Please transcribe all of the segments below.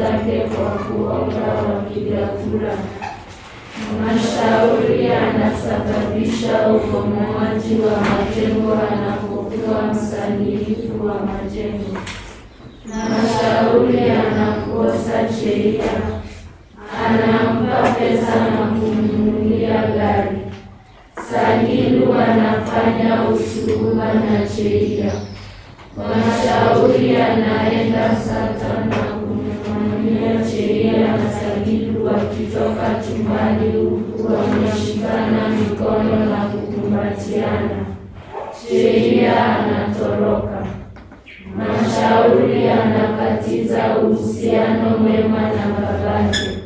zake kwa kuomba wapiga kura. Mashauri anasababisha ubomoaji wa majengo anapokuwa msanifu wa majengo. Mashauri anakosa sheria, anampa pesa na kumnunulia gari. Sagilu anafanya usuhuba na sheria. Mashauri anaenda Satana wachumbani wameshikana mikono na kukumbatiana. Sheria anatoroka, mashauri anakatiza uhusiano mwema na babake.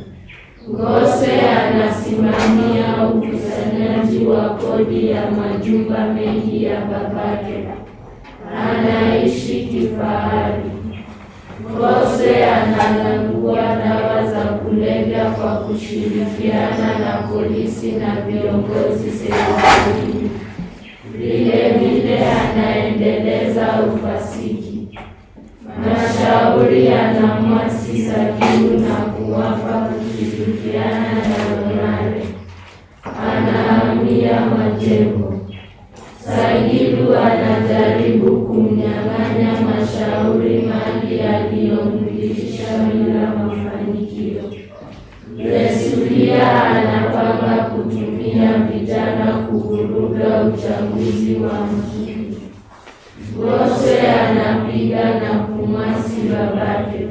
Ngose anasimamia ukusanyaji wa kodi ya majumba mengi ya babake, anaishi kifahari. Ngose analangua kwa kushirikiana na polisi na viongozi serikalini. Vile vile anaendeleza ufasiki, mashauri yana za juu na kuwapa kushirikiana na Lonare. Anahamia majengo. Sagilu anajaribu kumnyang'anya mashauri mali aliyomlisha bila mafanikio. Mmesuria anapanga kutumia vijana kuvuruga uchaguzi wa mjini. Gose anapiga na kumwasi babake.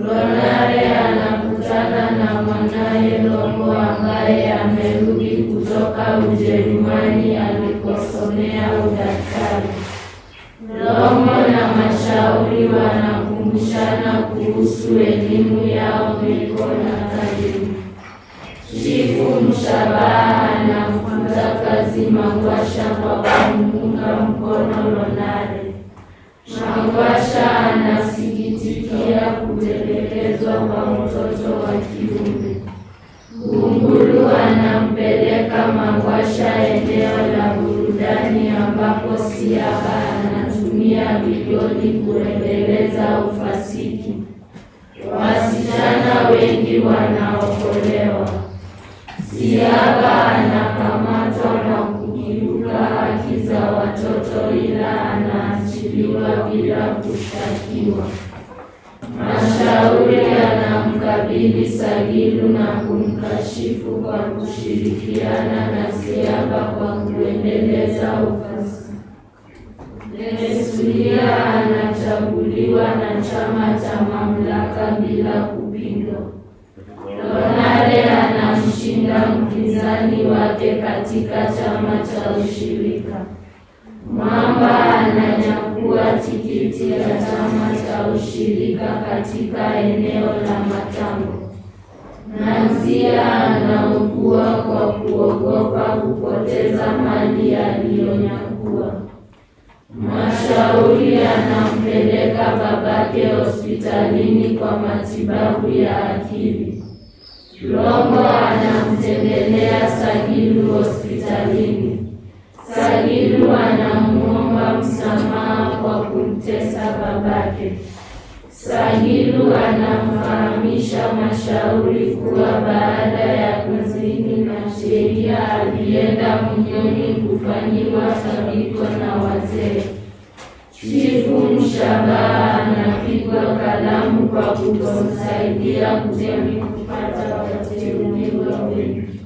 ronare anakutana na mwanaye Longo ambaye amerudi kutoka Ujerumani alikosomea udaktari. Longo na mashauri wana kukumbushana kuhusu elimu yao meko na karimu. Chifu Mshabaha anafuta kazi Magwasha kwa kumunga mkono Lonare. Magwasha anasikitikia kutelekezwa kwa mtoto wa kiume. gungulu anampeleka Magwasha eneo la burudani ambapo si habari kutumia milioni kuendeleza ufasiki. Wasichana wengi wanaokolewa. Siaba anakamatwa na kukiuka haki za watoto, ila anaachiliwa bila kushtakiwa. Mashauri anamkabili Sagilu na kumkashifu kwa kushirikiana na Siaba kwa kuendeleza ufasiki. Yesulia anachaguliwa na chama cha mamlaka bila kupingwa. Lonare anamshinda mpinzani wake katika chama cha ushirika. Mwamba ananyakua tikiti ya chama cha ushirika katika eneo la Matango. nazia anaugua kwa kuogopa kupoteza mali yake. Shauri anampeleka babake hospitalini kwa matibabu ya akili. Longo anamtembelea Sagilu hospitalini. Sagilu anamuomba msamaha kwa kumtesa babake. Sagilu anamfahamisha Mashauri kuwa baada ya kuzini na sheria alienda mnyoni kufanyiwa sabiko na wazee. Chifu Mshabaha anapigwa kalamu kwa kutomsaidia Mtemi kupata wateuliwa wengi.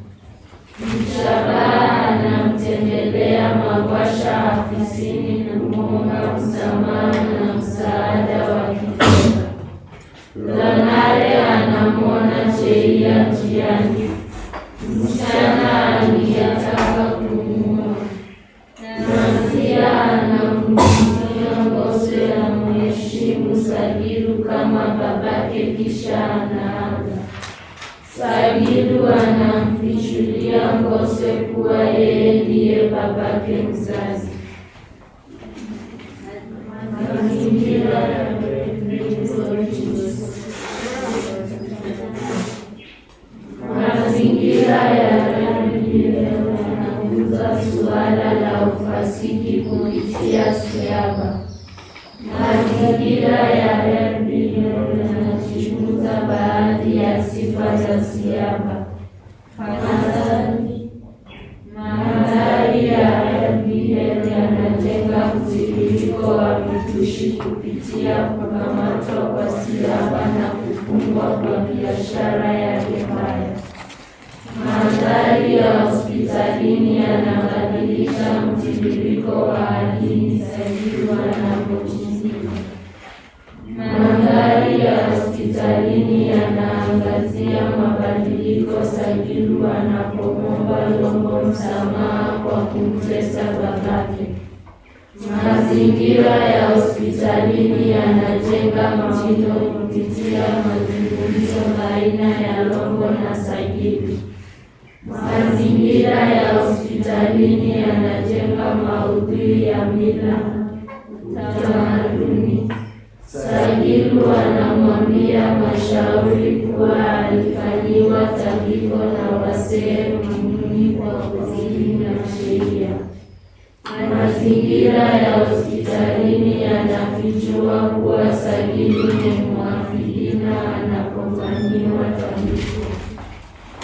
Mshabaha anamtembelea Magwasha afisini na kumwomba msamaha na msaada wa kifedha. Lanare anamwona Cheia njiani. Sagilu anamfichulia Ngose kuwa yeye ndiye babake mzazi. Mazingira ya mazingira yanakuza suala la ufasiki kupitia siaba. Mazingira ya kujifunza baadhi ya sifa za siaba. Mandhari ya IPM wa vitushi kupitia kukamatwa kwa siaba na kufungwa kwa biashara yake mbaya. Mandhari ya hospitalini yanabadilisha mtiririko wa hali msaidizi wanapojiziwa ya hospitalini yanaangazia mabadiliko Sagilu anapomwomba Longo msamaha kwa kumtesa babake. Mazingira ya hospitalini yanajenga mtindo kupitia mazungumzo baina ya Longo na Sagilu. Mazingira ya hospitalini yanajenga maudhui ya mila Sa anamwambia mashauri kuwa alifanyiwa tambiko na wazee mwinguni kwa kuzidi na sheria. Mazingira ya hospitalini yanafichua kuwa